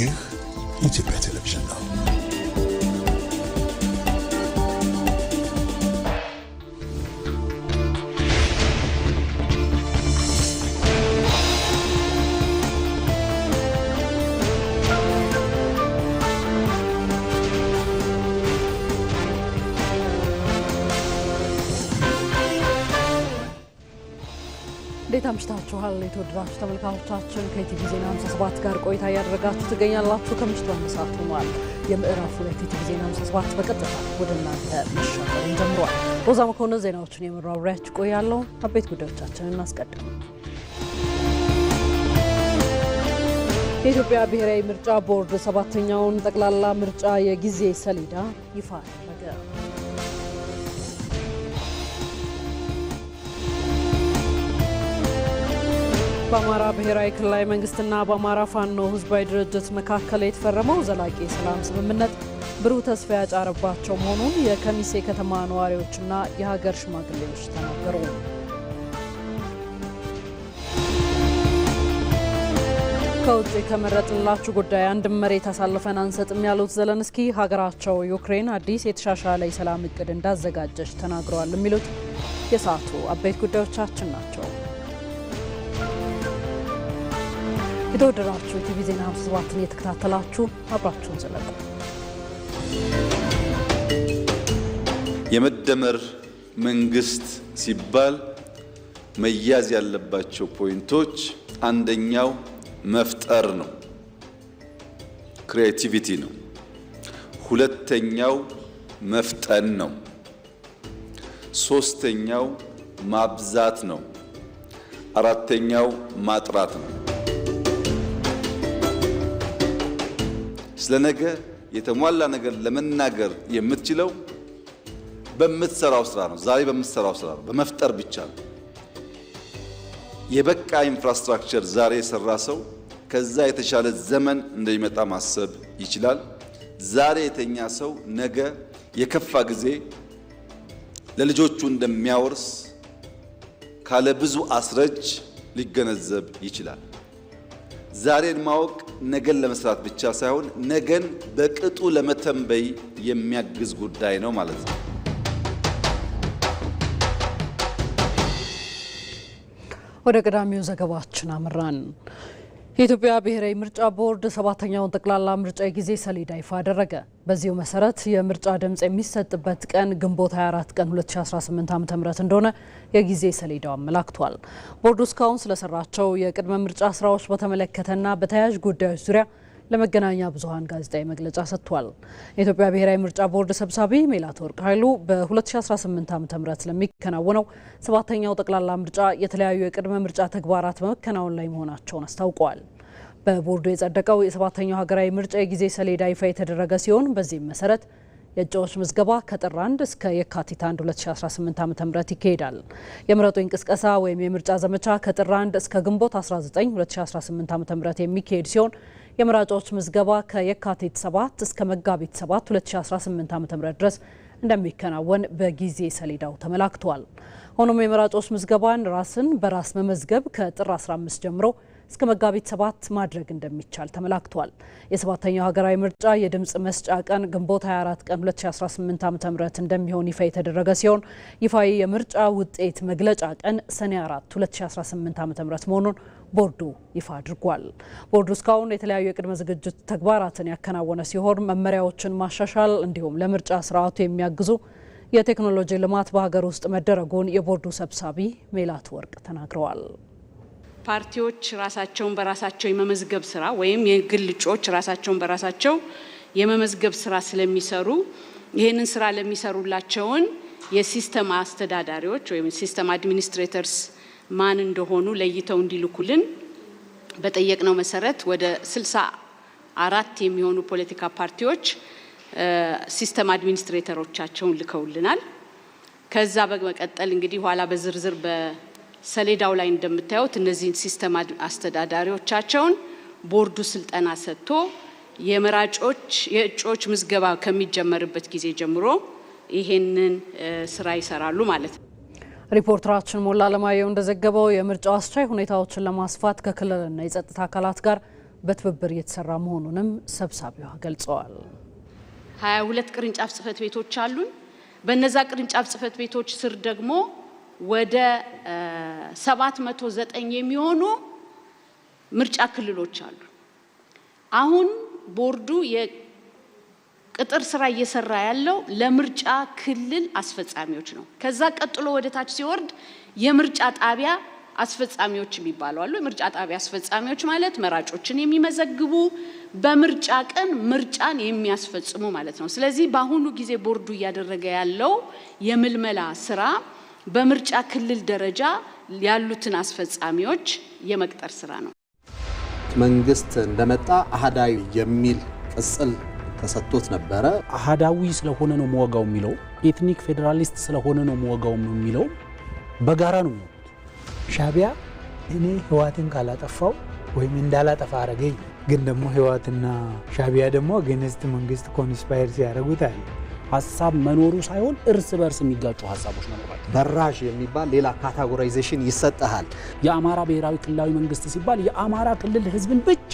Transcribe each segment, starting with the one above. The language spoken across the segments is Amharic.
других и тебя ተመሽታችኋል። የተወደዳችሁ ተመልካቾቻችን ከኢቲቪ ዜና 57 ጋር ቆይታ እያደረጋችሁ ትገኛላችሁ። ከምሽቱ አንሳት ሆኗል። የምዕራፍ ሁለት ኢቲቪ ዜና 57 በቀጥታ ወደ እናንተ መሻገሩን ጀምሯል። ሮዛ መኮንን ዜናዎቹን የመራብሪያችሁ ቆያለሁ። አበይት ጉዳዮቻችንን እናስቀድም። የኢትዮጵያ ብሔራዊ ምርጫ ቦርድ ሰባተኛውን ጠቅላላ ምርጫ የጊዜ ሰሌዳ ይፋ አደረገ። በአማራ ብሔራዊ ክልላዊ መንግስትና በአማራ ፋኖ ህዝባዊ ድርጅት መካከል የተፈረመው ዘላቂ የሰላም ስምምነት ብሩህ ተስፋ ያጫረባቸው መሆኑን የከሚሴ ከተማ ነዋሪዎችና የሀገር ሽማግሌዎች ተናገሩ። ከውጭ ከመረጥንላችሁ ጉዳይ አንድም መሬት አሳልፈን አንሰጥም ያሉት ዘለንስኪ ሀገራቸው ዩክሬን አዲስ የተሻሻለ የሰላም እቅድ እንዳዘጋጀች ተናግረዋል። የሚሉት የሰዓቱ አበይት ጉዳዮቻችን ናቸው። የተወደዳችሁ ቲቪ ዜና ሃምሳ ሰባትን እየተከታተላችሁ አብራችሁን ዘለቁ። የመደመር መንግስት ሲባል መያዝ ያለባቸው ፖይንቶች አንደኛው መፍጠር ነው፣ ክሪኤቲቪቲ ነው። ሁለተኛው መፍጠን ነው። ሶስተኛው ማብዛት ነው። አራተኛው ማጥራት ነው። ስለ ነገ የተሟላ ነገር ለመናገር የምትችለው በምትሰራው ስራ ነው። ዛሬ በምትሰራው ስራ ነው፣ በመፍጠር ብቻ ነው። የበቃ ኢንፍራስትራክቸር ዛሬ የሰራ ሰው ከዛ የተሻለ ዘመን እንደሚመጣ ማሰብ ይችላል። ዛሬ የተኛ ሰው ነገ የከፋ ጊዜ ለልጆቹ እንደሚያወርስ ካለ ብዙ አስረጅ ሊገነዘብ ይችላል። ዛሬን ማወቅ ነገን ለመስራት ብቻ ሳይሆን ነገን በቅጡ ለመተንበይ የሚያግዝ ጉዳይ ነው ማለት ነው። ወደ ቀዳሚው ዘገባችን አምራን። የኢትዮጵያ ብሔራዊ ምርጫ ቦርድ ሰባተኛውን ጠቅላላ ምርጫ የጊዜ ሰሌዳ ይፋ አደረገ። በዚሁ መሰረት የምርጫ ድምፅ የሚሰጥበት ቀን ግንቦት 24 ቀን 2018 ዓ.ም እንደሆነ የጊዜ ሰሌዳው አመላክቷል። ቦርዱ እስካሁን ስለሰራቸው የቅድመ ምርጫ ስራዎች በተመለከተና በተያያዥ ጉዳዮች ዙሪያ ለመገናኛ ብዙኃን ጋዜጣዊ መግለጫ ሰጥቷል። የኢትዮጵያ ብሔራዊ ምርጫ ቦርድ ሰብሳቢ መላትወርቅ ኃይሉ በ2018 ዓ.ም ለሚከናወነው ሰባተኛው ጠቅላላ ምርጫ የተለያዩ የቅድመ ምርጫ ተግባራት በመከናወን ላይ መሆናቸውን አስታውቀዋል። በቦርዱ የጸደቀው የሰባተኛው ሀገራዊ ምርጫ የጊዜ ሰሌዳ ይፋ የተደረገ ሲሆን በዚህም መሰረት የእጩዎች ምዝገባ ከጥር 1 እስከ የካቲት 1 2018 ም ይካሄዳል። የምረጡ እንቅስቀሳ ወይም የምርጫ ዘመቻ ከጥር 1 እስከ ግንቦት 19 2018 ም የሚካሄድ ሲሆን የመራጮች ምዝገባ ከየካቲት 7 እስከ መጋቢት 7 2018 ም ድረስ እንደሚከናወን በጊዜ ሰሌዳው ተመላክቷል። ሆኖም የመራጮች ምዝገባን ራስን በራስ መመዝገብ ከጥር 15 ጀምሮ እስከ መጋቢት 7 ማድረግ እንደሚቻል ተመላክቷል። የሰባተኛው ሀገራዊ ምርጫ የድምፅ መስጫ ቀን ግንቦት 24 ቀን 2018 ም እንደሚሆን ይፋ የተደረገ ሲሆን ይፋዊ የምርጫ ውጤት መግለጫ ቀን ሰኔ 4 2018 ዓ.ም መሆኑን ቦርዱ ይፋ አድርጓል። ቦርዱ እስካሁን የተለያዩ የቅድመ ዝግጅት ተግባራትን ያከናወነ ሲሆን መመሪያዎችን ማሻሻል እንዲሁም ለምርጫ ስርዓቱ የሚያግዙ የቴክኖሎጂ ልማት በሀገር ውስጥ መደረጉን የቦርዱ ሰብሳቢ ሜላት ወርቅ ተናግረዋል። ፓርቲዎች ራሳቸውን በራሳቸው የመመዝገብ ስራ ወይም የግል እጩዎች ራሳቸውን በራሳቸው የመመዝገብ ስራ ስለሚሰሩ ይህንን ስራ ለሚሰሩላቸውን የሲስተም አስተዳዳሪዎች ወይም ሲስተም አድሚኒስትሬተርስ ማን እንደሆኑ ለይተው እንዲልኩልን በጠየቅነው መሰረት ወደ ስልሳ አራት የሚሆኑ ፖለቲካ ፓርቲዎች ሲስተም አድሚኒስትሬተሮቻቸውን ልከውልናል። ከዛ በመቀጠል እንግዲህ ኋላ በዝርዝር በሰሌዳው ላይ እንደምታዩት እነዚህን ሲስተም አስተዳዳሪዎቻቸውን ቦርዱ ስልጠና ሰጥቶ የመራጮች የእጩዎች ምዝገባ ከሚጀመርበት ጊዜ ጀምሮ ይሄንን ስራ ይሰራሉ ማለት ነው። ሪፖርተራችን ሞላ አለማየሁ እንደዘገበው የምርጫው አስቻይ ሁኔታዎችን ለማስፋት ከክልልና የጸጥታ አካላት ጋር በትብብር እየተሰራ መሆኑንም ሰብሳቢዋ ገልጸዋል። 22 ቅርንጫፍ ጽህፈት ቤቶች አሉን። በነዛ ቅርንጫፍ ጽህፈት ቤቶች ስር ደግሞ ወደ 709 የሚሆኑ ምርጫ ክልሎች አሉ። አሁን ቦርዱ ቅጥር ስራ እየሰራ ያለው ለምርጫ ክልል አስፈጻሚዎች ነው። ከዛ ቀጥሎ ወደ ታች ሲወርድ የምርጫ ጣቢያ አስፈጻሚዎች የሚባሉ አሉ። የምርጫ ጣቢያ አስፈጻሚዎች ማለት መራጮችን የሚመዘግቡ በምርጫ ቀን ምርጫን የሚያስፈጽሙ ማለት ነው። ስለዚህ በአሁኑ ጊዜ ቦርዱ እያደረገ ያለው የምልመላ ስራ በምርጫ ክልል ደረጃ ያሉትን አስፈጻሚዎች የመቅጠር ስራ ነው። መንግስት እንደመጣ አህዳዊ የሚል ቅጽል ተሰጥቶት ነበረ። አህዳዊ ስለሆነ ነው መወጋው የሚለው ኤትኒክ ፌዴራሊስት ስለሆነ ነው መወጋው የሚለው በጋራ ነው የሚወጉት። ሻቢያ እኔ ህዋትን ካላጠፋው ወይም እንዳላጠፋ አረገኝ፣ ግን ደግሞ ህዋትና ሻቢያ ደግሞ ግንስት መንግስት ኮንስፓየር ሲያደረጉት አለ ሀሳብ መኖሩ ሳይሆን እርስ በርስ የሚጋጩ ሀሳቦች መኖራቸው በራሽ የሚባል ሌላ ካታጎራይዜሽን ይሰጠሃል። የአማራ ብሔራዊ ክልላዊ መንግስት ሲባል የአማራ ክልል ህዝብን ብቻ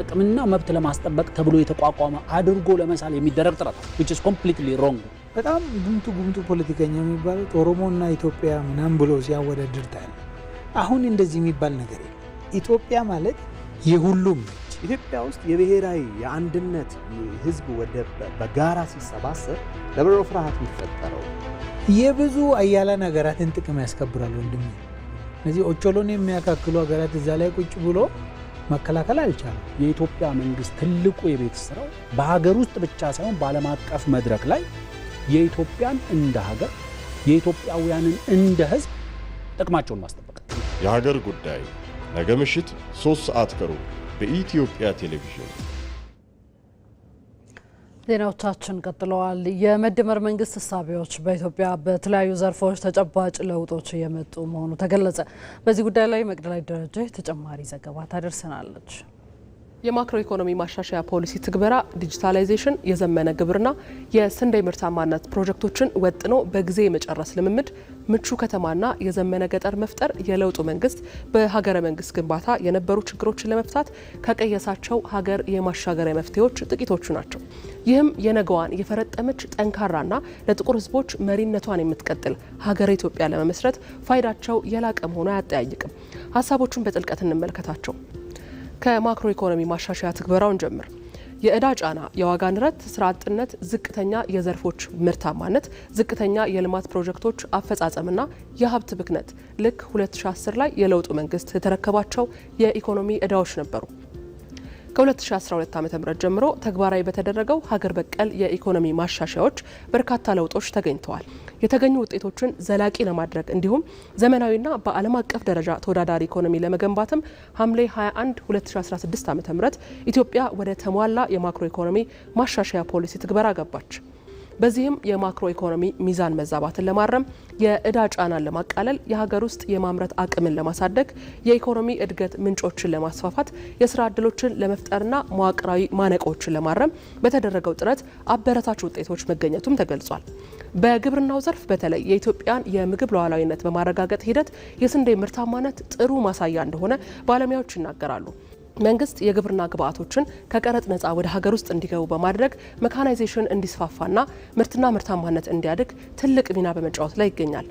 ጥቅምና መብት ለማስጠበቅ ተብሎ የተቋቋመ አድርጎ ለመሳል የሚደረግ ጥረት which is completely ሮንግ። በጣም ጉምቱ ጉምቱ ፖለቲከኛ የሚባሉት ኦሮሞና ኢትዮጵያ ምናምን ብሎ ሲያወዳድር ታያለ። አሁን እንደዚህ የሚባል ነገር ኢትዮጵያ ማለት የሁሉም ነች። ኢትዮጵያ ውስጥ የብሔራዊ የአንድነት ህዝብ ወደ በጋራ ሲሰባሰብ ለብሮ ፍርሃት የሚፈጠረው የብዙ አያላን ሀገራትን ጥቅም ያስከብራል። ወንድም እነዚህ ኦቾሎን የሚያካክሉ ሀገራት እዛ ላይ ቁጭ ብሎ መከላከል አልቻለም። የኢትዮጵያ መንግስት ትልቁ የቤት ስራው በሀገር ውስጥ ብቻ ሳይሆን በዓለም አቀፍ መድረክ ላይ የኢትዮጵያን እንደ ሀገር የኢትዮጵያውያንን እንደ ህዝብ ጥቅማቸውን ማስጠበቅ የሀገር ጉዳይ ነገ ምሽት ሶስት ሰዓት ከሩብ በኢትዮጵያ ቴሌቪዥን ዜናዎቻችን ቀጥለዋል። የመደመር መንግስት እሳቤዎች በኢትዮጵያ በተለያዩ ዘርፎች ተጨባጭ ለውጦች እየመጡ መሆኑ ተገለጸ። በዚህ ጉዳይ ላይ መቅደላዊ ደረጀ ተጨማሪ ዘገባ ታደርሰናለች። የማክሮ ኢኮኖሚ ማሻሻያ ፖሊሲ ትግበራ፣ ዲጂታላይዜሽን፣ የዘመነ ግብርና፣ የስንዴ ምርታማነት ፕሮጀክቶችን ወጥኖ በጊዜ የመጨረስ ልምምድ ምቹ ከተማና የዘመነ ገጠር መፍጠር የለውጡ መንግስት በሀገረ መንግስት ግንባታ የነበሩ ችግሮችን ለመፍታት ከቀየሳቸው ሀገር የማሻገሪያ መፍትሄዎች ጥቂቶቹ ናቸው። ይህም የነገዋን የፈረጠመች ጠንካራና ለጥቁር ህዝቦች መሪነቷን የምትቀጥል ሀገረ ኢትዮጵያ ለመመስረት ፋይዳቸው የላቀ መሆኑ አያጠያይቅም። ሀሳቦቹን በጥልቀት እንመልከታቸው። ከማክሮ ኢኮኖሚ ማሻሻያ ትግበራውን ጀምር የእዳ ጫና፣ የዋጋ ንረት፣ ስራ አጥነት፣ ዝቅተኛ የዘርፎች ምርታማነት፣ ዝቅተኛ የልማት ፕሮጀክቶች አፈጻጸምና የሀብት ብክነት ልክ 2010 ላይ የለውጡ መንግስት የተረከባቸው የኢኮኖሚ እዳዎች ነበሩ። ከ2012 ዓ ጀምሮ ተግባራዊ በተደረገው ሀገር በቀል የኢኮኖሚ ማሻሻያዎች በርካታ ለውጦች ተገኝተዋል። የተገኙ ውጤቶችን ዘላቂ ለማድረግ እንዲሁም ዘመናዊና በዓለም አቀፍ ደረጃ ተወዳዳሪ ኢኮኖሚ ለመገንባትም ሐምሌ 21 2016 ም ኢትዮጵያ ወደ ተሟላ የማክሮ ኢኮኖሚ ማሻሻያ ፖሊሲ ትግበራ ገባች። በዚህም የማክሮ ኢኮኖሚ ሚዛን መዛባትን ለማረም፣ የእዳ ጫናን ለማቃለል፣ የሀገር ውስጥ የማምረት አቅምን ለማሳደግ፣ የኢኮኖሚ እድገት ምንጮችን ለማስፋፋት፣ የስራ እድሎችን ለመፍጠርና መዋቅራዊ ማነቆችን ለማረም በተደረገው ጥረት አበረታች ውጤቶች መገኘቱም ተገልጿል። በግብርናው ዘርፍ በተለይ የኢትዮጵያን የምግብ ሉዓላዊነት በማረጋገጥ ሂደት የስንዴ ምርታማነት ጥሩ ማሳያ እንደሆነ ባለሙያዎች ይናገራሉ። መንግስት የግብርና ግብዓቶችን ከቀረጥ ነጻ ወደ ሀገር ውስጥ እንዲገቡ በማድረግ መካናይዜሽን እንዲስፋፋና ምርትና ምርታማነት እንዲያድግ ትልቅ ሚና በመጫወት ላይ ይገኛል።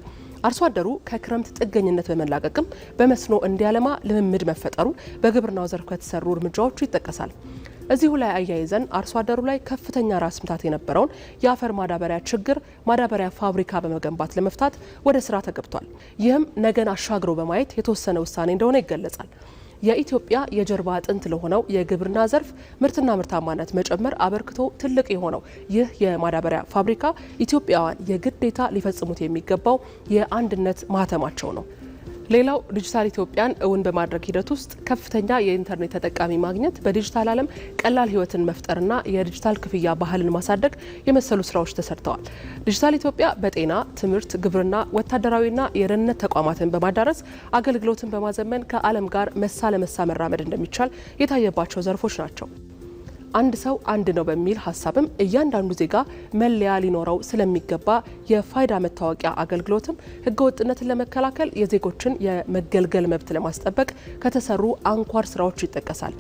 አርሶ አደሩ ከክረምት ጥገኝነት በመላቀቅም በመስኖ እንዲያለማ ልምምድ መፈጠሩ በግብርናው ዘርፍ ከተሰሩ እርምጃዎቹ ይጠቀሳል። እዚሁ ላይ አያይዘን አርሶ አደሩ ላይ ከፍተኛ ራስ ምታት የነበረውን የአፈር ማዳበሪያ ችግር ማዳበሪያ ፋብሪካ በመገንባት ለመፍታት ወደ ስራ ተገብቷል። ይህም ነገን አሻግሮ በማየት የተወሰነ ውሳኔ እንደሆነ ይገለጻል። የኢትዮጵያ የጀርባ አጥንት ለሆነው የግብርና ዘርፍ ምርትና ምርታማነት መጨመር አበርክቶ ትልቅ የሆነው ይህ የማዳበሪያ ፋብሪካ ኢትዮጵያውያን የግዴታ ሊፈጽሙት የሚገባው የአንድነት ማህተማቸው ነው። ሌላው ዲጂታል ኢትዮጵያን እውን በማድረግ ሂደት ውስጥ ከፍተኛ የኢንተርኔት ተጠቃሚ ማግኘት፣ በዲጂታል ዓለም ቀላል ህይወትን መፍጠርና የዲጂታል ክፍያ ባህልን ማሳደግ የመሰሉ ስራዎች ተሰርተዋል። ዲጂታል ኢትዮጵያ በጤና፣ ትምህርት፣ ግብርና፣ ወታደራዊና የደህንነት ተቋማትን በማዳረስ አገልግሎትን በማዘመን ከዓለም ጋር መሳ ለመሳ መራመድ እንደሚቻል የታየባቸው ዘርፎች ናቸው። አንድ ሰው አንድ ነው በሚል ሀሳብም እያንዳንዱ ዜጋ መለያ ሊኖረው ስለሚገባ የፋይዳ መታወቂያ አገልግሎትም ህገወጥነትን ለመከላከል የዜጎችን የመገልገል መብት ለማስጠበቅ ከተሰሩ አንኳር ስራዎች ይጠቀሳል።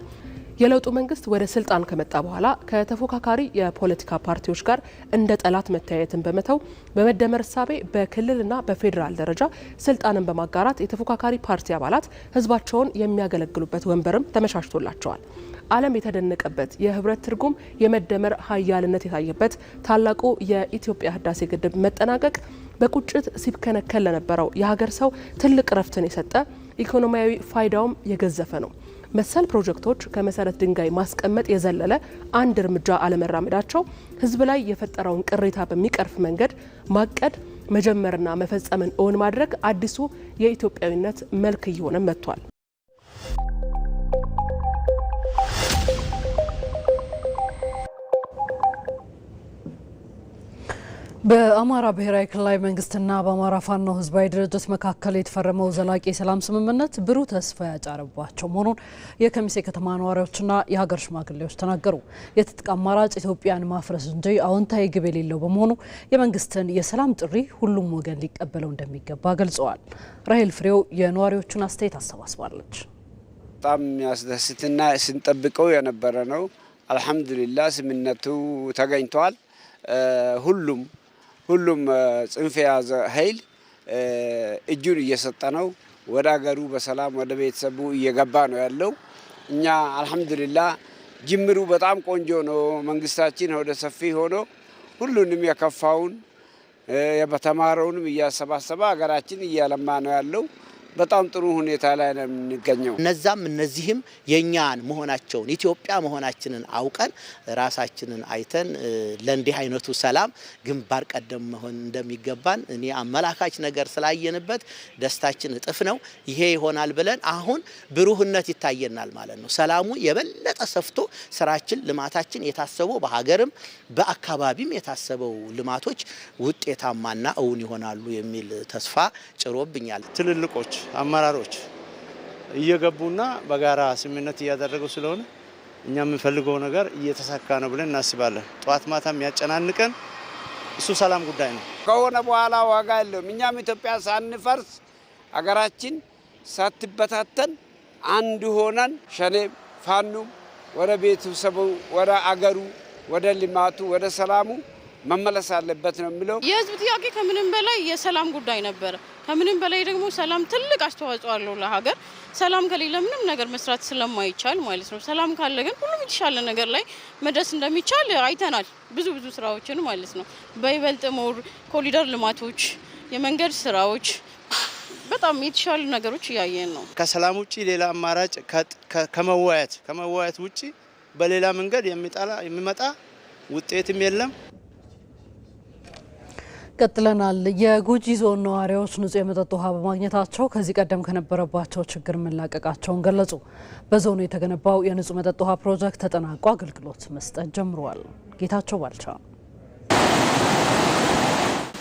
የለውጡ መንግስት ወደ ስልጣን ከመጣ በኋላ ከተፎካካሪ የፖለቲካ ፓርቲዎች ጋር እንደ ጠላት መተያየትን በመተው በመደመር እሳቤ በክልልና በፌዴራል ደረጃ ስልጣንን በማጋራት የተፎካካሪ ፓርቲ አባላት ህዝባቸውን የሚያገለግሉበት ወንበርም ተመቻችቶላቸዋል። ዓለም የተደነቀበት የህብረት ትርጉም የመደመር ሀያልነት የታየበት ታላቁ የኢትዮጵያ ህዳሴ ግድብ መጠናቀቅ በቁጭት ሲብከነከል ለነበረው የሀገር ሰው ትልቅ ረፍትን የሰጠ ኢኮኖሚያዊ ፋይዳውም የገዘፈ ነው። መሰል ፕሮጀክቶች ከመሰረት ድንጋይ ማስቀመጥ የዘለለ አንድ እርምጃ አለመራመዳቸው ህዝብ ላይ የፈጠረውን ቅሬታ በሚቀርፍ መንገድ ማቀድ መጀመርና መፈጸምን እውን ማድረግ አዲሱ የኢትዮጵያዊነት መልክ እየሆነ መጥቷል። በአማራ ብሔራዊ ክልላዊ መንግስትና በአማራ ፋኖ ህዝባዊ ድርጅት መካከል የተፈረመው ዘላቂ የሰላም ስምምነት ብሩህ ተስፋ ያጫረባቸው መሆኑን የከሚሴ ከተማ ነዋሪዎችና የሀገር ሽማግሌዎች ተናገሩ። የትጥቅ አማራጭ ኢትዮጵያን ማፍረስ እንጂ አዎንታዊ ግብ የሌለው በመሆኑ የመንግስትን የሰላም ጥሪ ሁሉም ወገን ሊቀበለው እንደሚገባ ገልጸዋል። ራሄል ፍሬው የነዋሪዎቹን አስተያየት አሰባስባለች። በጣም የሚያስደስትና ስንጠብቀው የነበረ ነው። አልሐምዱሊላ ስምምነቱ ተገኝተዋል። ሁሉም ሁሉም ጽንፍ የያዘ ኃይል እጁን እየሰጠ ነው። ወደ አገሩ በሰላም ወደ ቤተሰቡ እየገባ ነው ያለው። እኛ አልሐምዱሊላ ጅምሩ በጣም ቆንጆ ነው። መንግስታችን ወደ ሰፊ ሆኖ ሁሉንም የከፋውን የተማረውንም እያሰባሰበ ሀገራችን እያለማ ነው ያለው። በጣም ጥሩ ሁኔታ ላይ ነው የምንገኘው። እነዛም እነዚህም የእኛን መሆናቸውን ኢትዮጵያ መሆናችንን አውቀን ራሳችንን አይተን ለእንዲህ አይነቱ ሰላም ግንባር ቀደም መሆን እንደሚገባን እኔ አመላካች ነገር ስላየንበት ደስታችን እጥፍ ነው። ይሄ ይሆናል ብለን አሁን ብሩህነት ይታየናል ማለት ነው። ሰላሙ የበለጠ ሰፍቶ ስራችን፣ ልማታችን የታሰበው በሀገርም በአካባቢም የታሰበው ልማቶች ውጤታማና እውን ይሆናሉ የሚል ተስፋ ጭሮብኛል። ትልልቆች አመራሮች እየገቡና በጋራ ስምምነት እያደረጉ ስለሆነ እኛ የምንፈልገው ነገር እየተሳካ ነው ብለን እናስባለን። ጠዋት ማታ የሚያጨናንቀን እሱ ሰላም ጉዳይ ነው። ከሆነ በኋላ ዋጋ የለውም። እኛም ኢትዮጵያ ሳንፈርስ አገራችን ሳትበታተን አንድ ሆነን ሸኔ ፋኑም ወደ ቤተሰቡ፣ ወደ አገሩ፣ ወደ ልማቱ፣ ወደ ሰላሙ መመለስ አለበት ነው የሚለው። የህዝብ ጥያቄ ከምንም በላይ የሰላም ጉዳይ ነበረ። ከምንም በላይ ደግሞ ሰላም ትልቅ አስተዋጽኦ አለው ለሀገር። ሰላም ከሌለ ምንም ነገር መስራት ስለማይቻል ማለት ነው። ሰላም ካለ ግን ሁሉም የተሻለ ነገር ላይ መድረስ እንደሚቻል አይተናል፣ ብዙ ብዙ ስራዎችን ማለት ነው። በይበልጥ ሞር ኮሪደር ልማቶች፣ የመንገድ ስራዎች በጣም የተሻሉ ነገሮች እያየን ነው። ከሰላም ውጭ ሌላ አማራጭ ከመወያየት ከመወያየት ውጭ በሌላ መንገድ የሚመጣ ውጤትም የለም። ቀጥለናል። የጉጂ ዞን ነዋሪዎች ንጹህ የመጠጥ ውሃ በማግኘታቸው ከዚህ ቀደም ከነበረባቸው ችግር መላቀቃቸውን ገለጹ። በዞኑ የተገነባው የንጹህ መጠጥ ውሃ ፕሮጀክት ተጠናቆ አገልግሎት መስጠት ጀምሯል። ጌታቸው ባልቻ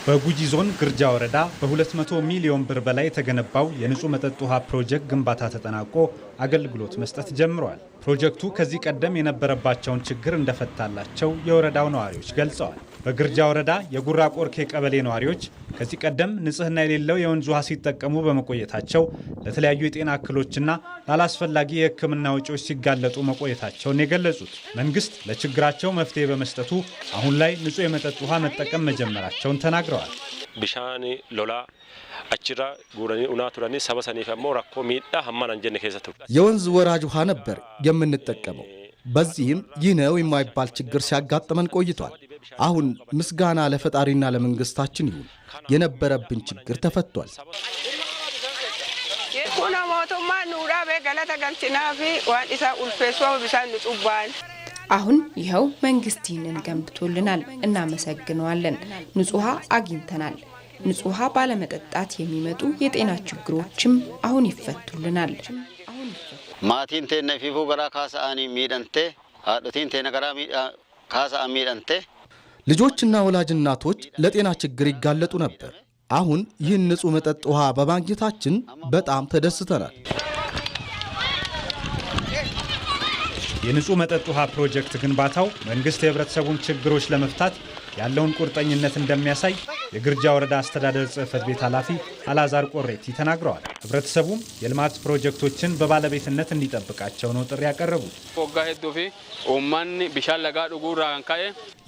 በጉጂ ዞን ግርጃ ወረዳ በ200 ሚሊዮን ብር በላይ የተገነባው የንጹህ መጠጥ ውሃ ፕሮጀክት ግንባታ ተጠናቆ አገልግሎት መስጠት ጀምሯል። ፕሮጀክቱ ከዚህ ቀደም የነበረባቸውን ችግር እንደፈታላቸው የወረዳው ነዋሪዎች ገልጸዋል። በግርጃ ወረዳ የጉራ ቆርኬ ቀበሌ ነዋሪዎች ከዚህ ቀደም ንጽህና የሌለው የወንዝ ውሃ ሲጠቀሙ በመቆየታቸው ለተለያዩ የጤና እክሎችና ላላስፈላጊ የሕክምና ወጪዎች ሲጋለጡ መቆየታቸውን የገለጹት መንግስት ለችግራቸው መፍትሄ በመስጠቱ አሁን ላይ ንጹህ የመጠጥ ውሃ መጠቀም መጀመራቸውን ተናግረዋል። ብሻን ሎላ አችራ ጉረኒ ኡና ሚዳ ሀማን ከሰቱ የወንዝ ወራጅ ውሃ ነበር የምንጠቀመው። በዚህም ይህ ነው የማይባል ችግር ሲያጋጥመን ቆይቷል። አሁን ምስጋና ለፈጣሪና ለመንግሥታችን ይሁን። የነበረብን ችግር ተፈቷል። አሁን ይኸው መንግስት ይህንን ገንብቶልናል፣ እናመሰግነዋለን። ንጹህ ውሃ አግኝተናል። ንጹህ ባለመጠጣት የሚመጡ የጤና ችግሮችም አሁን ይፈቱልናል። ማቲንቴ ነፊፉ ገራ ካሳአኒ ሚደንቴ አዶቲንቴ ነገራ ካሳአ ሚደንቴ ልጆችና ወላጅ እናቶች ለጤና ችግር ይጋለጡ ነበር። አሁን ይህን ንጹህ መጠጥ ውሃ በማግኘታችን በጣም ተደስተናል። የንጹህ መጠጥ ውሃ ፕሮጀክት ግንባታው መንግሥት የህብረተሰቡን ችግሮች ለመፍታት ያለውን ቁርጠኝነት እንደሚያሳይ የግርጃ ወረዳ አስተዳደር ጽህፈት ቤት ኃላፊ አላዛር ቆሬቲ ተናግረዋል። ህብረተሰቡም የልማት ፕሮጀክቶችን በባለቤትነት እንዲጠብቃቸው ነው ጥሪ ያቀረቡት።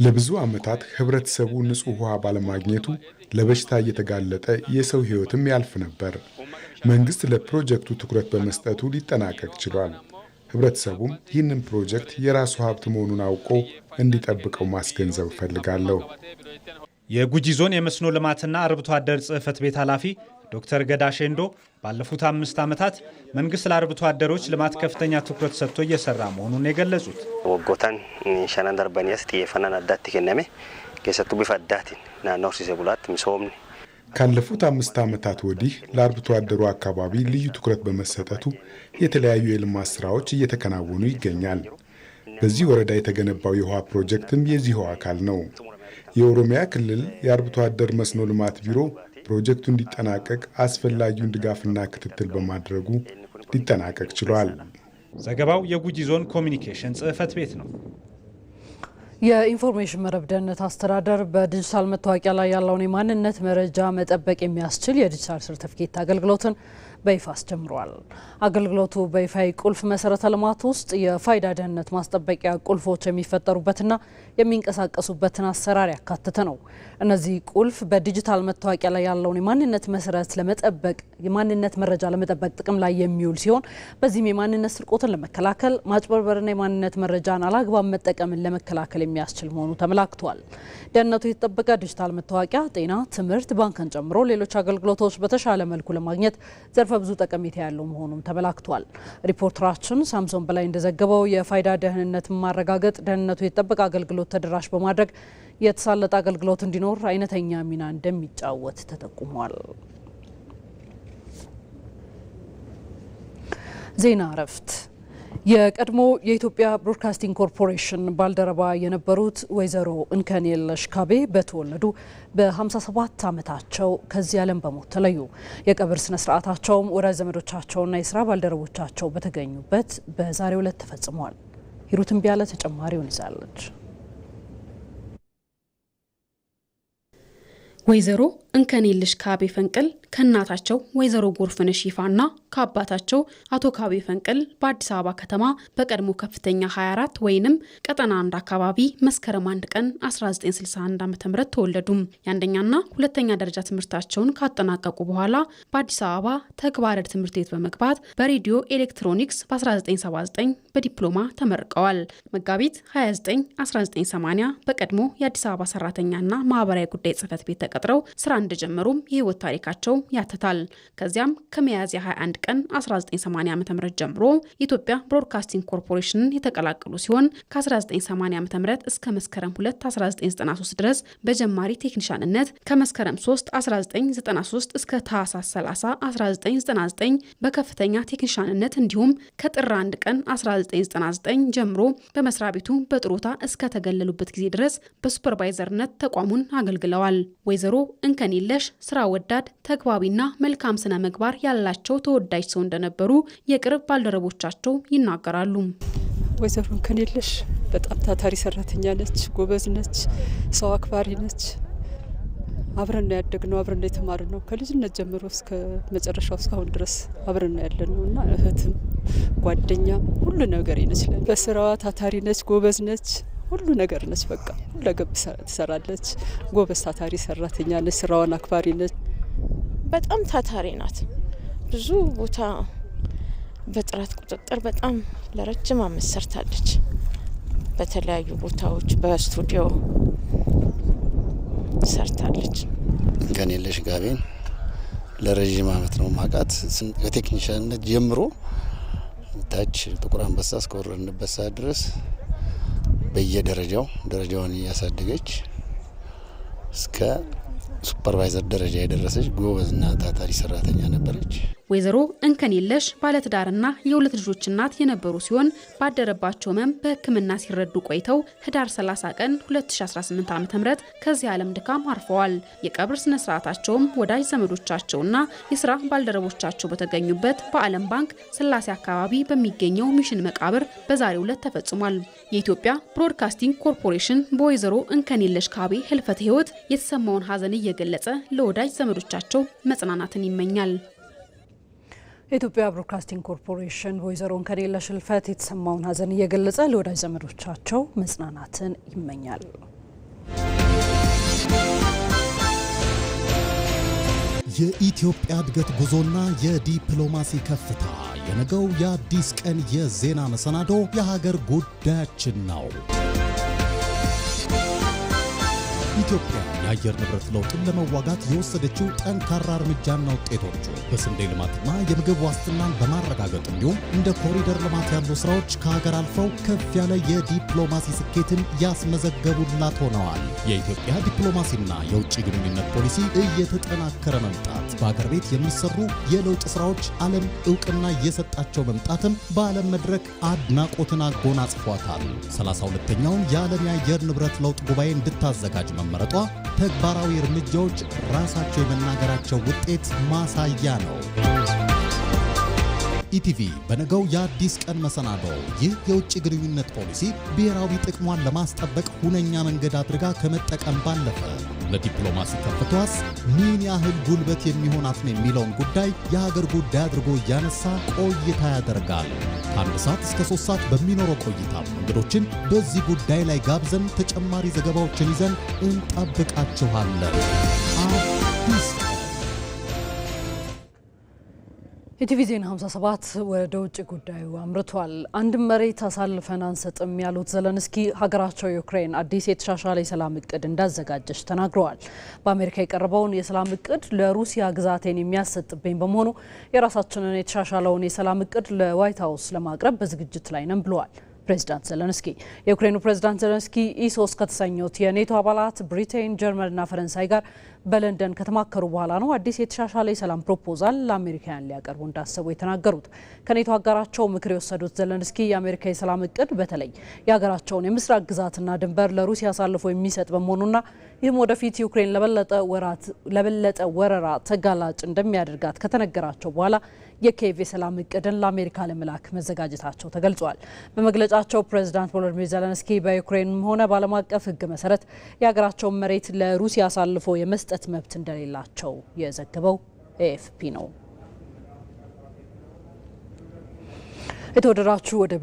ለብዙ ዓመታት ህብረተሰቡ ንጹህ ውሃ ባለማግኘቱ ለበሽታ እየተጋለጠ የሰው ህይወትም ያልፍ ነበር። መንግስት ለፕሮጀክቱ ትኩረት በመስጠቱ ሊጠናቀቅ ችሏል። ህብረተሰቡም ይህንን ፕሮጀክት የራሱ ሀብት መሆኑን አውቆ እንዲጠብቀው ማስገንዘብ እፈልጋለሁ። የጉጂ ዞን የመስኖ ልማትና አርብቶ አደር ጽህፈት ቤት ኃላፊ ዶክተር ገዳ ሼንዶ ባለፉት አምስት ዓመታት መንግስት ለአርብቶ አደሮች ልማት ከፍተኛ ትኩረት ሰጥቶ እየሰራ መሆኑን የገለጹት ወጎታን ሸናን ደርበኒያስ ጥየፈናን አዳት ከነሜ ከሰቱ ቢፈዳትን ናናው ቡላት ምሶምኒ ካለፉት አምስት ዓመታት ወዲህ ለአርብቶ አደሩ አካባቢ ልዩ ትኩረት በመሰጠቱ የተለያዩ የልማት ስራዎች እየተከናወኑ ይገኛል። በዚህ ወረዳ የተገነባው የውሃ ፕሮጀክትም የዚህው አካል ነው። የኦሮሚያ ክልል የአርብቶ አደር መስኖ ልማት ቢሮ ፕሮጀክቱ እንዲጠናቀቅ አስፈላጊውን ድጋፍና ክትትል በማድረጉ ሊጠናቀቅ ችሏል። ዘገባው የጉጂ ዞን ኮሚኒኬሽን ጽህፈት ቤት ነው። የኢንፎርሜሽን መረብ ደህንነት አስተዳደር በዲጂታል መታወቂያ ላይ ያለውን የማንነት መረጃ መጠበቅ የሚያስችል የዲጂታል ሰርተፍኬት አገልግሎትን በይፋ አስጀምረዋል። አገልግሎቱ በይፋ ቁልፍ መሰረተ ልማት ውስጥ የፋይዳ ደህንነት ማስጠበቂያ ቁልፎች የሚፈጠሩበትና የሚንቀሳቀሱበትን አሰራር ያካተተ ነው። እነዚህ ቁልፍ በዲጂታል መታወቂያ ላይ ያለውን የማንነት መሰረት ለመጠበቅ የማንነት መረጃ ለመጠበቅ ጥቅም ላይ የሚውል ሲሆን በዚህም የማንነት ስርቆትን ለመከላከል ማጭበርበርና የማንነት መረጃን አላግባብ መጠቀምን ለመከላከል የሚያስችል መሆኑ ተመላክቷል። ደህንነቱ የተጠበቀ ዲጂታል መታወቂያ ጤና፣ ትምህርት፣ ባንክን ጨምሮ ሌሎች አገልግሎቶች በተሻለ መልኩ ለማግኘት ዘር ዘርፈ ብዙ ጠቀሜታ ያለው መሆኑም ተመላክቷል። ሪፖርተራችን ሳምሶን በላይ እንደዘገበው የፋይዳ ደህንነትን ማረጋገጥ ደህንነቱ የተጠበቀ አገልግሎት ተደራሽ በማድረግ የተሳለጠ አገልግሎት እንዲኖር አይነተኛ ሚና እንደሚጫወት ተጠቁሟል። ዜና እረፍት የቀድሞ የኢትዮጵያ ብሮድካስቲንግ ኮርፖሬሽን ባልደረባ የነበሩት ወይዘሮ እንከኔል ሽካቤ በተወለዱ በ57 ዓመታቸው ከዚህ ዓለም በሞት ተለዩ። የቀብር ስነ ስርዓታቸውም ወዳጅ ዘመዶቻቸውና የስራ ባልደረቦቻቸው በተገኙበት በዛሬው ዕለት ተፈጽሟል። ሂሩትን ቢያለ ተጨማሪውን ይዛለች። ወይዘሮ እንከኔልሽ ካቤ ፈንቅል ከእናታቸው ወይዘሮ ጎርፍነሽ ይፋና ከአባታቸው አቶ ካቤ ፈንቅል በአዲስ አበባ ከተማ በቀድሞ ከፍተኛ 24 ወይንም ቀጠና አንድ አካባቢ መስከረም አንድ ቀን 1961 ዓ ም ተወለዱ። የአንደኛና ሁለተኛ ደረጃ ትምህርታቸውን ካጠናቀቁ በኋላ በአዲስ አበባ ተግባረድ ትምህርት ቤት በመግባት በሬዲዮ ኤሌክትሮኒክስ በ1979 በዲፕሎማ ተመርቀዋል። መጋቢት 29 1980 በቀድሞ የአዲስ አበባ ሰራተኛና ማህበራዊ ጉዳይ ጽህፈት ቤት ተቀጥረው ስራ እንደጀመሩም የህይወት ታሪካቸው ያትታል። ከዚያም ከሚያዝያ 21 ቀን 1980 ም ጀምሮ የኢትዮጵያ ብሮድካስቲንግ ኮርፖሬሽንን የተቀላቀሉ ሲሆን ከ1980 ም እስከ መስከረም 2 1993 ድረስ በጀማሪ ቴክኒሻንነት ከመስከረም 3 1993 እስከ ታህሳስ 30 1999 በከፍተኛ ቴክኒሻንነት እንዲሁም ከጥር 1 ቀን 1999 ጀምሮ በመስሪያ ቤቱ በጥሮታ እስከተገለሉበት ጊዜ ድረስ በሱፐርቫይዘርነት ተቋሙን አገልግለዋል። ወይዘሮ እንከ ወሰን የለሽ፣ ስራ ወዳድ፣ ተግባቢና መልካም ስነ ምግባር ያላቸው ተወዳጅ ሰው እንደነበሩ የቅርብ ባልደረቦቻቸው ይናገራሉ። ወይዘሮ ከኔለሽ የለሽ በጣም ታታሪ ሰራተኛ ነች፣ ጎበዝ ነች፣ ሰው አክባሪ ነች። አብረን ነው ያደግነው፣ የተማር ነው ከልጅነት ጀምሮ እስከ መጨረሻው እስካሁን ድረስ አብረን ነው እና እህትም ጓደኛ ሁሉ ነገር ይነችለን። በስራዋ ታታሪ ነች፣ ጎበዝ ነች። ሁሉ ነገር ነች። በቃ ሁለገብ ትሰራለች። ጎበዝ ታታሪ ሰራተኛ ነች። ስራዋን አክባሪ ነች። በጣም ታታሪ ናት። ብዙ ቦታ በጥራት ቁጥጥር በጣም ለረጅም አመት ሰርታለች። በተለያዩ ቦታዎች በስቱዲዮ ሰርታለች። ገኔለሽ ጋቤን ለረዥም አመት ነው ማቃት ከቴክኒሻንነት ጀምሮ ታች ጥቁር አንበሳ እስከወረድንበት ሰዓት ድረስ በየደረጃው ደረጃውን እያሳደገች እስከ ሱፐርቫይዘር ደረጃ የደረሰች ጎበዝና ታታሪ ሰራተኛ ነበረች። ወይዘሮ እንከን የለሽ ባለትዳርና የሁለት ልጆች እናት የነበሩ ሲሆን ባደረባቸው ህመም በሕክምና ሲረዱ ቆይተው ህዳር 30 ቀን 2018 ዓ ም ከዚህ ዓለም ድካም አርፈዋል። የቀብር ስነ ስርዓታቸውም ወዳጅ ዘመዶቻቸውና የስራ ባልደረቦቻቸው በተገኙበት በዓለም ባንክ ስላሴ አካባቢ በሚገኘው ሚሽን መቃብር በዛሬው ዕለት ተፈጽሟል። የኢትዮጵያ ብሮድካስቲንግ ኮርፖሬሽን በወይዘሮ እንከን የለሽ ካቤ ህልፈተ ህይወት የተሰማውን ሀዘን እየገለጸ ለወዳጅ ዘመዶቻቸው መጽናናትን ይመኛል። የኢትዮጵያ ብሮድካስቲንግ ኮርፖሬሽን ወይዘሮን ከሌለ ሽልፈት የተሰማውን ሐዘን እየገለጸ ለወዳጅ ዘመዶቻቸው መጽናናትን ይመኛል። የኢትዮጵያ እድገት ጉዞና የዲፕሎማሲ ከፍታ የነገው የአዲስ ቀን የዜና መሰናዶ የሀገር ጉዳያችን ነው። ኢትዮጵያ የአየር ንብረት ለውጥን ለመዋጋት የወሰደችው ጠንካራ እርምጃና ውጤቶቹ በስንዴ ልማትና የምግብ ዋስትናን በማረጋገጥ እንዲሁም እንደ ኮሪደር ልማት ያሉ ስራዎች ከሀገር አልፈው ከፍ ያለ የዲፕሎማሲ ስኬትን ያስመዘገቡላት ሆነዋል። የኢትዮጵያ ዲፕሎማሲና የውጭ ግንኙነት ፖሊሲ እየተጠናከረ መምጣት፣ በአገር ቤት የሚሰሩ የለውጥ ስራዎች ዓለም እውቅና እየሰጣቸው መምጣትም በዓለም መድረክ አድናቆትን አጎናጽፏታል። 32ኛውን የዓለም የአየር ንብረት ለውጥ ጉባኤ እንድታዘጋጅ መመረጧ ተግባራዊ እርምጃዎች ራሳቸው የመናገራቸው ውጤት ማሳያ ነው። ኢቲቪ በነገው የአዲስ ቀን መሰናዶ ይህ የውጭ ግንኙነት ፖሊሲ ብሔራዊ ጥቅሟን ለማስጠበቅ ሁነኛ መንገድ አድርጋ ከመጠቀም ባለፈ ለዲፕሎማሲ ከፍቷስ ምን ያህል ጉልበት የሚሆናት ነው የሚለውን ጉዳይ የሀገር ጉዳይ አድርጎ እያነሳ ቆይታ ያደርጋል። ከአንድ ሰዓት እስከ ሶስት ሰዓት በሚኖረው ቆይታ እንግዶችን በዚህ ጉዳይ ላይ ጋብዘን ተጨማሪ ዘገባዎችን ይዘን እንጠብቃችኋለን። አዲስ የቲቪ ዜና 57 ወደ ውጭ ጉዳዩ አምርቷል። አንድም መሬት አሳልፈን አንሰጥም ያሉት ዘለንስኪ ሀገራቸው ዩክሬን አዲስ የተሻሻለ የሰላም እቅድ እንዳዘጋጀች ተናግረዋል። በአሜሪካ የቀረበውን የሰላም እቅድ ለሩሲያ ግዛቴን የሚያሰጥብኝ በመሆኑ የራሳችንን የተሻሻለውን የሰላም እቅድ ለዋይት ሀውስ ለማቅረብ በዝግጅት ላይ ነን ብለዋል። ፕሬዚዳንት ዘለንስኪ። የዩክሬኑ ፕሬዚዳንት ዘለንስኪ ኢሶስ ከተሰኙት የኔቶ አባላት ብሪቴን፣ ጀርመንና ፈረንሳይ ጋር በለንደን ከተማከሩ በኋላ ነው አዲስ የተሻሻለ የሰላም ፕሮፖዛል ለአሜሪካውያን ሊያቀርቡ እንዳሰቡ የተናገሩት። ከኔቶ አጋራቸው ምክር የወሰዱት ዘለንስኪ የአሜሪካ የሰላም እቅድ በተለይ የሀገራቸውን የምስራቅ ግዛትና ድንበር ለሩሲያ አሳልፎ የሚሰጥ በመሆኑና ይህም ወደፊት ዩክሬን ለበለጠ ወረራ ተጋላጭ እንደሚያደርጋት ከተነገራቸው በኋላ የኪየቭ የሰላም እቅድን ለአሜሪካ ለመላክ መዘጋጀታቸው ተገልጿል። በመግለጫቸው ፕሬዚዳንት ቮሎዲሚር ዘለንስኪ በዩክሬንም ሆነ በዓለም አቀፍ ሕግ መሰረት የሀገራቸውን መሬት ለሩሲያ አሳልፎ የመስጠት መብት እንደሌላቸው የዘገበው ኤኤፍፒ ነው። የተወደራችሁ ወደ